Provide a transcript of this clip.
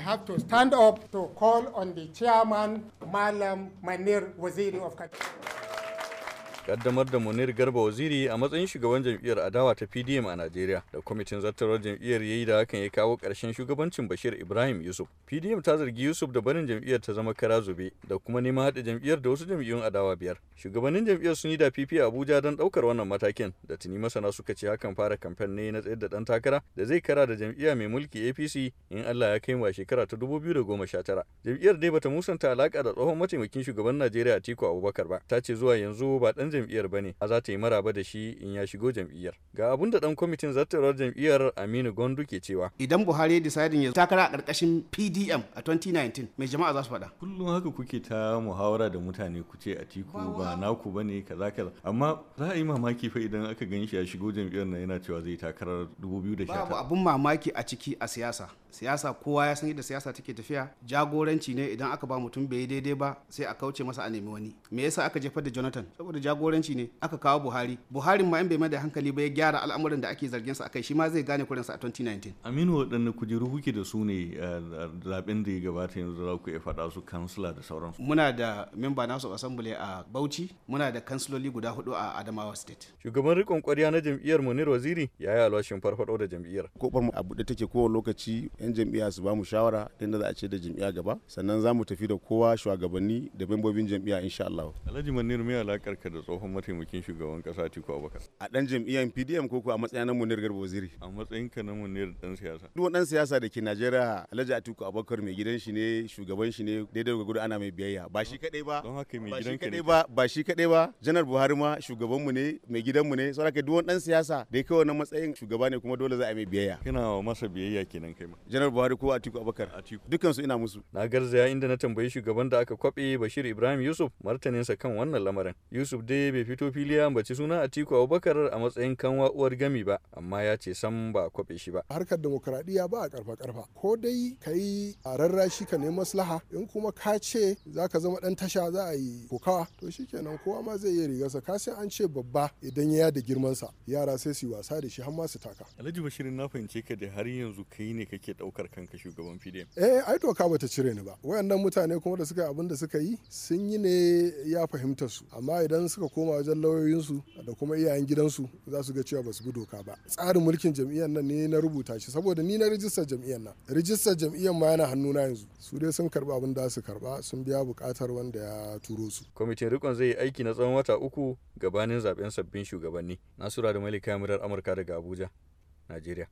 I have to stand up to call on the chairman, Malam Manir Waziri of Kaduna. kaddamar da munir garba waziri a matsayin shugaban jam'iyyar adawa ta pdm a najeriya da kwamitin zartarwar jam'iyyar ya yi da hakan ya kawo ƙarshen shugabancin bashir ibrahim yusuf pdm ta zargi yusuf da barin jam'iyyar ta zama kara zube da kuma neman haɗa jam'iyyar da wasu jam'iyyun adawa biyar shugabannin jam'iyyar sun yi da pp a abuja don ɗaukar wannan matakin da tuni masana suka ce hakan fara kamfen ne na tsayar da ɗan takara da zai kara da jam'iyya mai mulki apc in allah ya kai wa shekara ta 2019 jam'iyyar dai bata musanta alaka da tsohon mataimakin shugaban najeriya atiku abubakar ba ta ce zuwa yanzu ba ɗan jam'iyyar ba ne, a za ta yi maraba da shi in ya shigo jam'iyyar. Ga abun da dan kwamitin zartarwar jam'iyyar Aminu Gondu ke cewa. Idan Buhari ya decide ya takara a karkashin PDM a 2019, mai jama'a za su faɗa. Kullum haka kuke ta muhawara da mutane ku ce a tiku ba naku ba ne kaza kaza. Amma za a yi mamaki fa idan aka gan shi ya shigo jam'iyyar na yana cewa zai takarar 2019. Babu abun mamaki a ciki a siyasa. Siyasa kowa ya san yadda siyasa take tafiya. Jagoranci ne idan aka ba mutum bai daidai ba sai a kauce masa a nemi wani. Me yasa aka jefar da Jonathan? Saboda jagoranci ne aka kawo buhari buhari ma in bai mai da hankali ba ya gyara al'amuran da ake zargin sa akai shi ma zai gane kurinsa a 2019 aminu waɗanne kujeru kuke da su ne eh, zaben da ya gabata yanzu za ku iya faɗa su kansula da sauransu muna da memba nasu assembly a bauchi muna da kansiloli guda hudu a adamawa state shugaban rikon kwarya na jam'iyyar munir waziri ya yi alwashin farfado da jam'iyyar kofar mu a buɗe take kowa lokaci yan jam'iyya su ba mu shawara inda za a ce da jam'iyya gaba sannan za mu tafi da kowa shugabanni da membobin jam'iyya insha Allah alhaji munir mai alakar ka da tsohon mataimakin shugaban kasa Atiku Abubakar. A dan jam'iyyar PDM ko a matsayin na Munir Garba Waziri? A matsayin ka na Munir dan siyasa. Duk dan siyasa da ke Najeriya Alhaji Atiku Abubakar mai gidan shi ne shugaban shi ne daidai ga gudu ana mai biyayya ba shi kadai ba. Don haka mai gidan kadai ba ba shi kadai ba Janar Buhari ma shugaban mu ne mai gidan mu ne saboda duk dan siyasa da ke wannan matsayin shugaba ne kuma dole za a mai biyayya. Kana masa biyayya kenan kai ma. Janar Buhari ko Atiku Abubakar? Atiku. Dukkan su ina musu. Na garzaya inda na tambayi shugaban da aka kwabe Bashir Ibrahim Yusuf martaninsa kan wannan lamarin. Yusuf dai bai fito fili ya ambaci a Atiku Abubakar a matsayin kanwa uwar gami ba amma ya ce sam ba kwabe shi ba harkar demokradiya ba a karfa karfa ko dai kai a rarrashi ka nemi maslaha in kuma ka ce zaka zama dan tasha za a yi kokawa to shi shikenan kowa ma zai iya rigarsa ka sai an ce babba idan ya da sa yara sai su yi wasa da shi har ma su taka Alhaji Bashir na fahimce ka da har yanzu kai ne kake daukar kanka shugaban PDM eh ai doka bata cire ni ba wayannan mutane kuma da suka abin da suka yi sun yi ne ya fahimta su amma idan suka koma wajen lauyoyinsu da kuma iyayen gidansu za su ga cewa ba su bi doka ba tsarin mulkin jam'iyyar nan ne na rubuta shi saboda ni na rijistar jam'iyyar nan rijistar jam'iyyar ma yana hannu na yanzu su dai sun karba abin da su karba sun biya bukatar wanda ya turo su kwamitin rikon zai yi aiki na tsawon wata uku gabanin zaben sabbin shugabanni nasura da malika murar amurka daga abuja najeriya